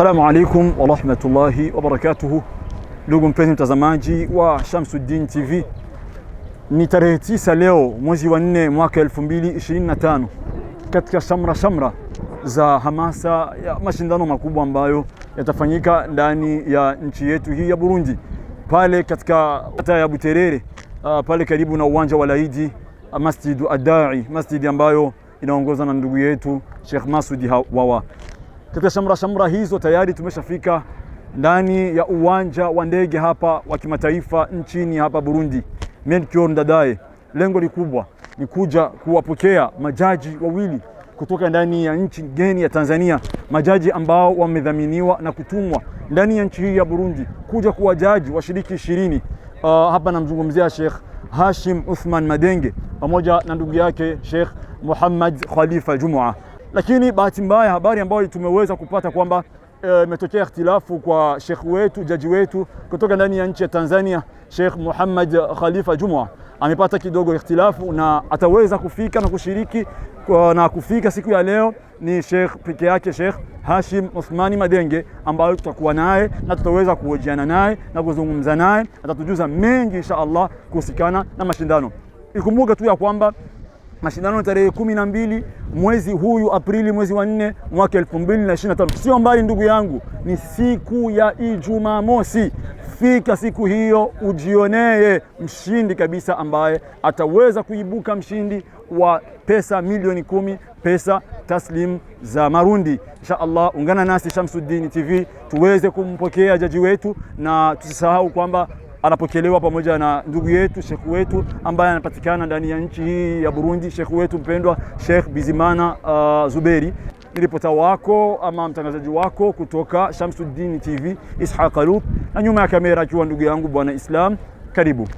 Assalamu alaikum warahmatullahi wabarakatuhu, ndugu mpenzi mtazamaji wa Shamsuddin TV, ni tarehe tisa leo mwezi wa nne mwaka 2025 katika shamra shamra za hamasa ya mashindano makubwa ambayo yatafanyika ndani ya nchi yetu hii ya Burundi pale katika kata ya Buterere uh, pale karibu na uwanja wa Laidi uh, Adai, masjidi ambayo inaongozwa na ndugu yetu Sheikh Masudi Wawa. Katika shamra shamra hizo tayari tumeshafika ndani ya uwanja wa ndege hapa wa kimataifa nchini hapa Burundi, Melchior Ndadaye. Lengo ni kubwa, ni kuja kuwapokea majaji wawili kutoka ndani ya nchi geni ya Tanzania, majaji ambao wamedhaminiwa na kutumwa ndani ya nchi hii ya Burundi kuja kuwa jaji washiriki ishirini. Uh, hapa namzungumzia Sheikh Hashim Uthman Madenge pamoja na ndugu yake Sheikh Muhammad Khalifa Jumua. Lakini bahati mbaya habari ambayo tumeweza kupata kwamba eh, imetokea e, ikhtilafu kwa shekh wetu jaji wetu kutoka ndani ya nchi ya Tanzania, Sheikh Muhammad Khalifa Jumwa amepata kidogo ikhtilafu na ataweza kufika na kushiriki kwa, na kufika siku ya leo ni Sheikh peke yake Sheikh Hashim Uthmani Madenge ambayo tutakuwa naye na tutaweza kuhojiana naye na kuzungumza naye, atatujuza mengi insha Allah kuhusikana na mashindano. Ikumbuke tu ya kwamba mashindano tarehe kumi na mbili mwezi huyu Aprili, mwezi wa nne mwaka elfu mbili na ishirini na tano. Sio mbali ndugu yangu, ni siku ya Ijumaa mosi. Fika siku hiyo ujionee mshindi kabisa ambaye ataweza kuibuka mshindi wa pesa milioni kumi pesa taslim za Marundi. Insha Allah, ungana nasi Shamsuddin TV tuweze kumpokea jaji wetu, na tusisahau kwamba anapokelewa pamoja na ndugu yetu shekhu wetu ambaye anapatikana ndani ya nchi hii ya Burundi, shekhu wetu mpendwa Sheikh Bizimana uh, Zuberi. Ni ripota wako ama mtangazaji wako kutoka Shamsuddin TV Ishaq Alup, na nyuma ya kamera akiwa ndugu yangu bwana Islam. Karibu.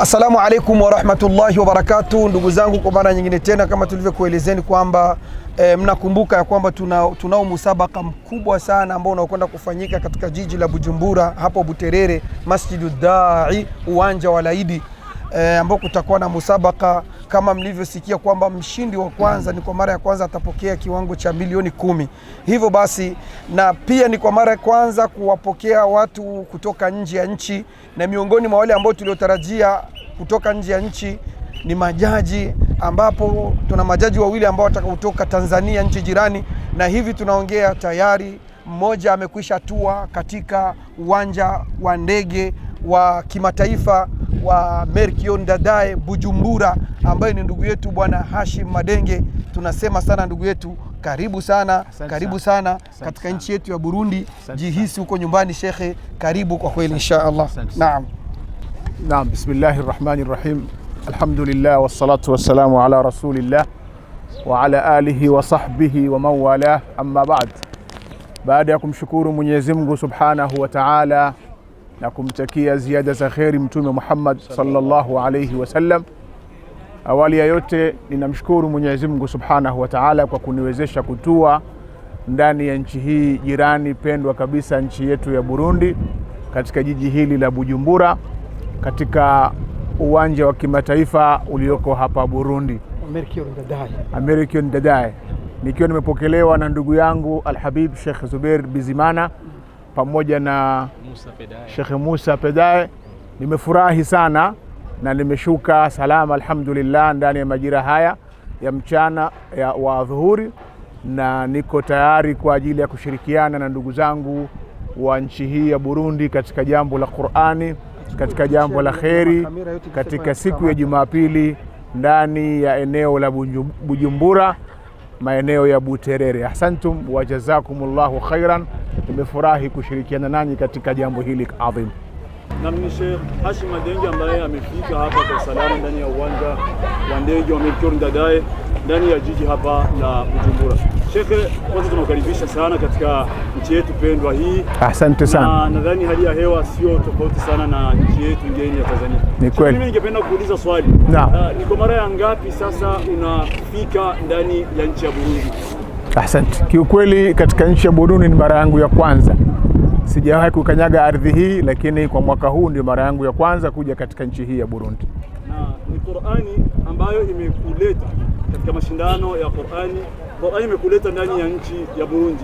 Assalamu alaikum warahmatullahi wabarakatu, ndugu zangu, kwa mara nyingine tena kama tulivyokuelezeni kwamba e, mnakumbuka ya kwamba tunao tuna musabaka mkubwa sana ambao unaokwenda kufanyika katika jiji la Bujumbura hapo Buterere, Masjidu Dai, uwanja wa Laidi e, ambao kutakuwa na musabaka kama mlivyosikia kwamba mshindi wa kwanza ni kwa mara ya kwanza atapokea kiwango cha milioni kumi. Hivyo basi, na pia ni kwa mara ya kwanza kuwapokea watu kutoka nje ya nchi, na miongoni mwa wale ambao tuliotarajia kutoka nje ya nchi ni majaji, ambapo tuna majaji wawili ambao watakaotoka Tanzania, nchi jirani, na hivi tunaongea tayari mmoja amekwisha tua katika uwanja wa ndege wa kimataifa wa Merkion Dadae Bujumbura, ambaye ni ndugu yetu bwana Hashim Madenge. Tunasema sana ndugu yetu, karibu sana Asante karibu sana, sana katika nchi yetu ya Burundi. Asante jihisi huko nyumbani shekhe, karibu kwa kweli insha Allah. Naam, naam, bismillahi rahmani rahim, alhamdulillah wassalatu wassalamu ala rasulillah wa ala alihi wa sahbihi wa man amma ba'd. Baada ya kumshukuru Mwenyezi Mungu subhanahu wa ta'ala na kumtakia ziada za kheri Mtume Muhammad sallallahu alaihi wasallam. Awali ya yote ninamshukuru Mwenyezi Mungu subhanahu wa taala kwa kuniwezesha kutua ndani ya nchi hii jirani pendwa kabisa, nchi yetu ya Burundi, katika jiji hili la Bujumbura, katika uwanja wa kimataifa ulioko hapa Burundi, American Dadae, nikiwa nimepokelewa na ndugu yangu Alhabib Sheikh Zubeir Bizimana pamoja na Shekhe Musa Pedae. Nimefurahi sana na nimeshuka salama alhamdulillah, ndani ya majira haya ya mchana ya wa dhuhuri, na niko tayari kwa ajili ya kushirikiana na ndugu zangu wa nchi hii ya Burundi katika jambo la Qur'ani, katika jambo la kheri, katika siku ya Jumapili ndani ya eneo la Bujumbura maeneo ya Buterere. Ahsantum wa jazakumullahu khairan. nimefurahi kushirikiana nanyi katika jambo hili adhim na Sheikh Hashima Denge ambaye amefika hapa kwa salama ndani ya uwanja wa ndege wa Melchior Ndadaye ndani ya jiji hapa la Bujumbura. Shekhe, kwanza tunakaribisha sana katika nchi yetu pendwa hii. Asante sana. Na nadhani hali ya hewa sio tofauti sana na nchi yetu ngeni ya Tanzania. Ni kweli. Mimi ningependa kuuliza swali. Uh, ni kwa mara ya ngapi sasa unafika ndani ya nchi ya Burundi? Asante. Kiukweli katika nchi ya Burundi ni mara yangu ya kwanza Sijawahi kukanyaga ardhi hii, lakini kwa mwaka huu ndio mara yangu ya kwanza kuja katika nchi hii ya Burundi. Na ni Qur'ani ambayo imekuleta katika mashindano ya Qur'ani. Qur'ani imekuleta ndani ya nchi ya Burundi,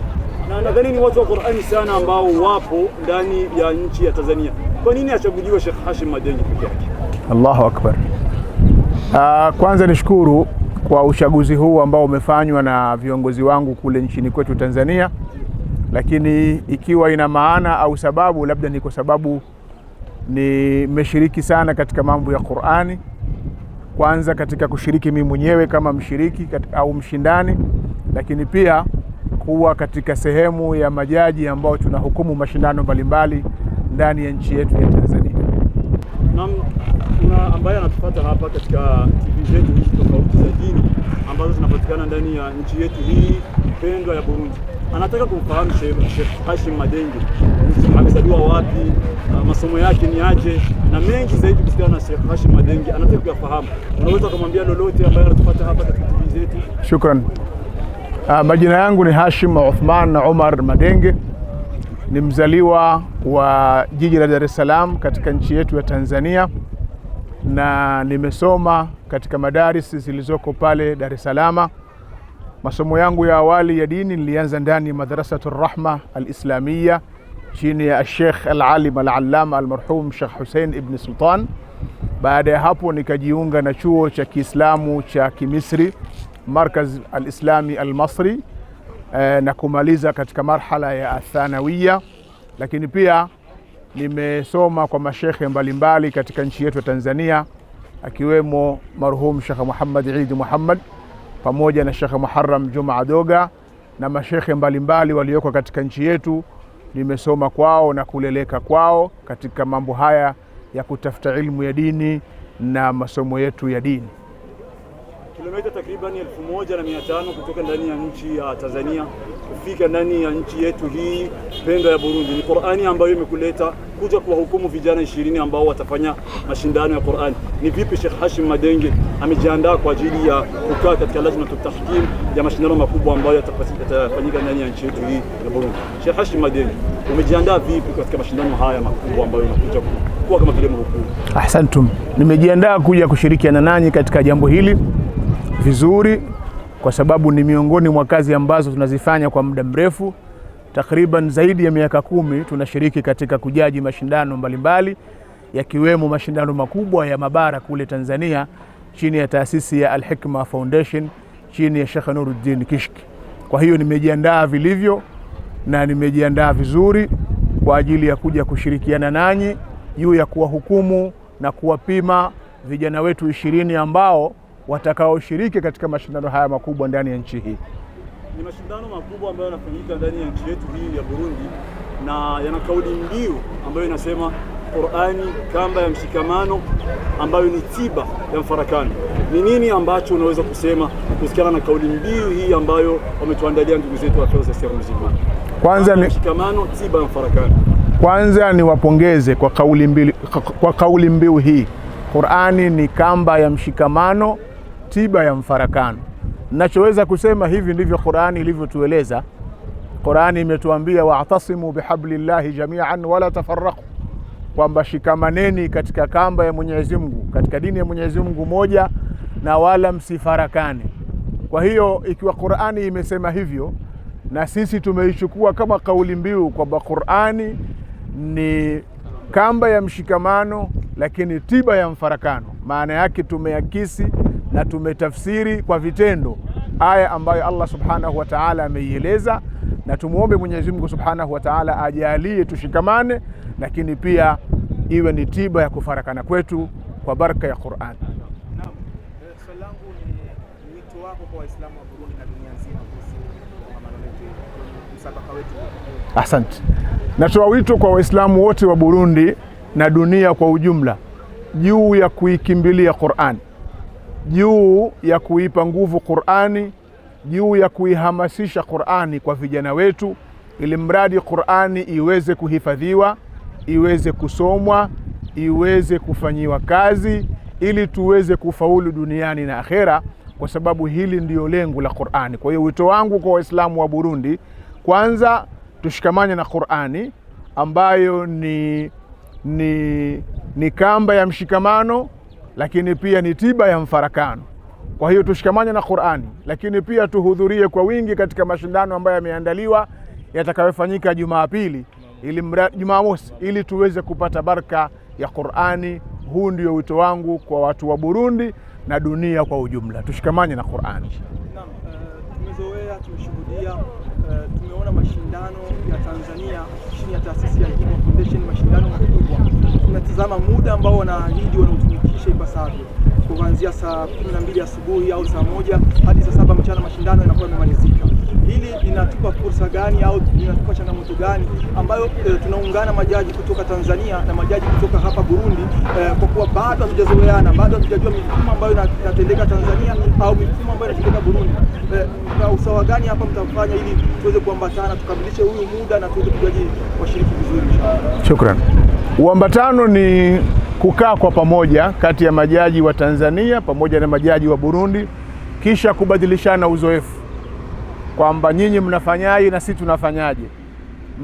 na nadhani ni watu wa Qur'ani sana ambao wapo ndani ya nchi ya Tanzania. Kwa nini achaguliwe Sheikh Hashim Madeni peke yake? Allahu Akbar. Uh, kwanza nishukuru kwa uchaguzi huu ambao umefanywa na viongozi wangu kule nchini kwetu Tanzania lakini ikiwa ina maana au sababu, labda ni kwa sababu nimeshiriki sana katika mambo ya Qur'ani, kwanza katika kushiriki mimi mwenyewe kama mshiriki au mshindani, lakini pia kuwa katika sehemu ya majaji ambao tunahukumu mashindano mbalimbali ndani ya nchi yetu ya Tanzania. Naam, kuna ambaye anatupata hapa katika TV zetu hizi tofauti za dini ambazo zinapatikana ndani ya nchi yetu hii mpendwa ya Burundi anataka kumfahamu Sheikh Hashim Madenge amezaliwa wapi, ah, masomo yake ni aje na mengi zaidi kusikana na Sheikh Hashim Madenge anataka kuyafahamu. Unaweza kumwambia lolote ambaye anatupata hapa katika TV zetu? Shukran. Uh, majina yangu ni Hashim Uthman na Omar Madenge, ni mzaliwa wa jiji la Dar es Salaam katika nchi yetu ya Tanzania na nimesoma katika madaris zilizoko pale Dar es Salaam. Masomo yangu ya awali ya dini nilianza ndani ya Madrasatu Rahma Alislamiya chini ya Sheikh Alalim Alalama almarhum Sheikh husein Ibn Sultan. Baada ya hapo nikajiunga na chuo cha Kiislamu cha Kimisri Markaz Alislami Almasri eh, na kumaliza katika marhala ya thanawiya, lakini pia nimesoma kwa mashekhe mbalimbali katika nchi yetu ya Tanzania akiwemo marhum Sheikh Muhammad Idi Muhammad pamoja na Shekhe Muharram Juma Doga na mashekhe mbalimbali walioko katika nchi yetu. Nimesoma kwao na kuleleka kwao katika mambo haya ya kutafuta ilmu ya dini na masomo yetu ya dini kilomita takriban 1500 kutoka ndani ya nchi ya Tanzania kufika ndani ya nchi yetu hii pendo ya Burundi. Ni Qur'ani ambayo imekuleta kuja kuwahukumu vijana ishirini ambao watafanya mashindano ya Qur'ani. Ni vipi Sheikh Hashim Madenge amejiandaa kwa ajili ya kukaa katika lazima tutahkim ya mashindano makubwa ambayo yatafanyika ndani ya nchi yetu hii ya Burundi? Sheikh Hashim Madenge, umejiandaa vipi katika mashindano haya makubwa ambayo unakuja kuwa kama vile mhukumu? Ahsantum, nimejiandaa kuja kushirikiana nanyi katika jambo hili vizuri, kwa sababu ni miongoni mwa kazi ambazo tunazifanya kwa muda mrefu, takriban zaidi ya miaka kumi. Tunashiriki katika kujaji mashindano mbalimbali yakiwemo mashindano makubwa ya mabara kule Tanzania chini ya taasisi ya Al-Hikma Foundation chini ya Sheikh Nuruddin Kishki. Kwa hiyo nimejiandaa vilivyo na nimejiandaa vizuri kwa ajili ya kuja kushirikiana nanyi juu ya kuwahukumu na kuwapima vijana wetu ishirini ambao watakaoshiriki katika mashindano haya makubwa ndani ya nchi hii. Ni mashindano makubwa ambayo yanafanyika ndani ya nchi yetu hii ya Burundi na yana kauli mbiu ambayo inasema Qur'ani kamba ya mshikamano ambayo ni tiba ya mfarakano. Ni nini ambacho unaweza kusema kuhusiana na kauli mbiu hii ambayo wametuandalia ndugu zetu wa Mzima? Kwanza ni mshikamano, tiba ya mfarakano. Kwanza ni wapongeze kwa kauli mbiu, kwa kauli mbiu hii. Qur'ani ni kamba ya mshikamano tiba ya mfarakano. Nachoweza kusema hivi ndivyo Qurani ilivyotueleza. Qurani imetuambia wa'tasimu bihablillahi jamian wala tafarraqu, kwamba shikamaneni katika kamba ya Mwenyezi Mungu, katika dini ya Mwenyezi Mungu moja na wala msifarakane. Kwa hiyo ikiwa Qurani imesema hivyo, na sisi tumeichukua kama kauli mbiu kwamba Qurani ni kamba ya mshikamano, lakini tiba ya mfarakano. Maana yake tumeakisi na tumetafsiri kwa vitendo aya ambayo Allah subhanahu wa ta'ala ameieleza, na tumwombe Mwenyezi Mungu subhanahu wa ta'ala ajalie tushikamane, lakini pia iwe ni tiba ya kufarakana kwetu kwa baraka ya Qur'an. Asante. Natoa wito kwa Waislamu wote wa Burundi na dunia kwa ujumla juu ya kuikimbilia qurani juu ya kuipa nguvu Qur'ani, juu ya kuihamasisha Qur'ani kwa vijana wetu, ili mradi Qur'ani iweze kuhifadhiwa, iweze kusomwa, iweze kufanyiwa kazi, ili tuweze kufaulu duniani na akhera, kwa sababu hili ndiyo lengo la Qur'ani. Kwa hiyo wito wangu kwa Waislamu wa Burundi, kwanza tushikamane na Qur'ani ambayo ni, ni, ni kamba ya mshikamano lakini pia ni tiba ya mfarakano. Kwa hiyo tushikamane na Qur'ani, lakini pia tuhudhurie kwa wingi katika mashindano ambayo yameandaliwa yatakayofanyika Jumapili ili Jumamosi, ili tuweze kupata baraka ya Qur'ani. Huu ndio wito wangu kwa watu wa Burundi na dunia kwa ujumla, tushikamane na Qur'ani. Naam, eh, tumezoea, tumeshuhudia, eh, tumeona mashindano Tanzania chini ya taasisi ya Hekima Foundation mashindano makubwa. Tunatizama muda ambao wanaahidi wanautumikisha ipasavyo, kuanzia saa 12 asubuhi au saa moja hadi saa saba mchana mashindano yanakuwa yamemalizika hili linatupa fursa gani au linatupa changamoto gani ambayo e, tunaungana majaji kutoka Tanzania na majaji kutoka hapa Burundi e, kwa kuwa bado hatujazoeana, bado hatujajua mifumo ambayo inatendeka Tanzania au mifumo ambayo inatendeka Burundi. E, na usawa gani hapa mtafanya ili tuweze kuambatana tukamilishe huyu muda na tuweze kujaji washiriki vizuri. Shukrani. Uambatano ni kukaa kwa pamoja kati ya majaji wa Tanzania pamoja na majaji wa Burundi kisha kubadilishana uzoefu kwamba nyinyi mnafanyaje na sisi tunafanyaje,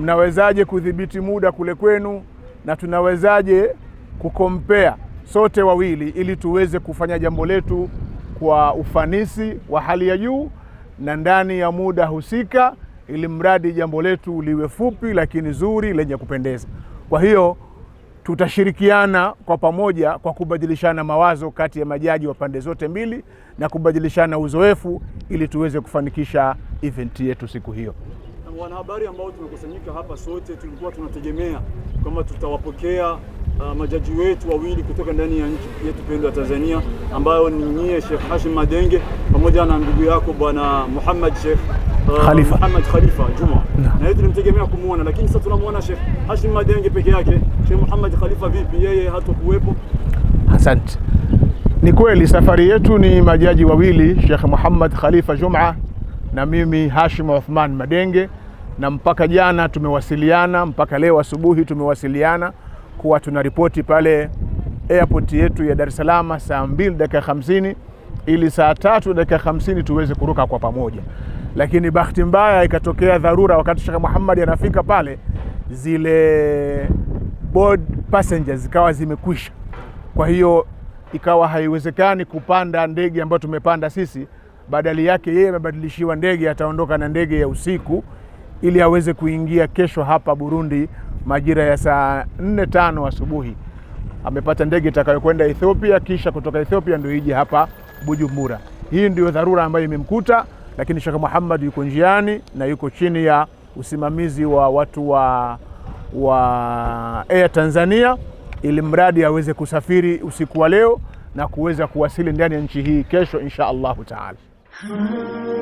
mnawezaje kudhibiti muda kule kwenu na tunawezaje kukompea sote wawili, ili tuweze kufanya jambo letu kwa ufanisi wa hali ya juu na ndani ya muda husika, ili mradi jambo letu liwe fupi lakini zuri lenye kupendeza. Kwa hiyo tutashirikiana kwa pamoja kwa kubadilishana mawazo kati ya majaji wa pande zote mbili na kubadilishana uzoefu ili tuweze kufanikisha eventi yetu siku hiyo. Wanahabari ambao tumekusanyika hapa sote tulikuwa tunategemea kwamba tutawapokea uh, majaji wetu wawili kutoka ndani ya nchi yetu pendwa ya Tanzania, ambayo ni nyie Sheikh Hashim Madenge pamoja na ndugu yako Bwana Muhammad Sheikh Euh, Khalifa Muhammad Khalifa Juma na yeye tulimtegemea kumuona, lakini sasa tunamuona Sheikh Hashim Madenge peke yake. Sheikh Muhammad Khalifa vipi, yeye hatokuwepo? Asante. Ni kweli safari yetu ni majaji wawili, Sheikh Muhammad Khalifa Juma na mimi Hashim Uthman Madenge, na mpaka jana tumewasiliana, mpaka leo asubuhi tumewasiliana kuwa tunaripoti pale airport yetu ya Dar es Salaam saa 2 dakika 50 ili saa tatu dakika 50 tuweze kuruka kwa pamoja lakini bahati mbaya ikatokea dharura, wakati Sheikh Muhammad anafika pale, zile board passengers zikawa zimekwisha. Kwa hiyo ikawa haiwezekani kupanda ndege ambayo tumepanda sisi, badali yake yeye amebadilishiwa ndege, ataondoka na ndege ya usiku ili aweze kuingia kesho hapa Burundi majira ya saa nne tano asubuhi amepata ndege itakayokwenda Ethiopia, kisha kutoka Ethiopia ndio ije hapa Bujumbura. Hii ndio dharura ambayo imemkuta lakini Sheikh Muhammad yuko njiani na yuko chini ya usimamizi wa watu wa, wa Air Tanzania ili mradi aweze kusafiri usiku wa leo na kuweza kuwasili ndani ya nchi hii kesho insha Allahu taala.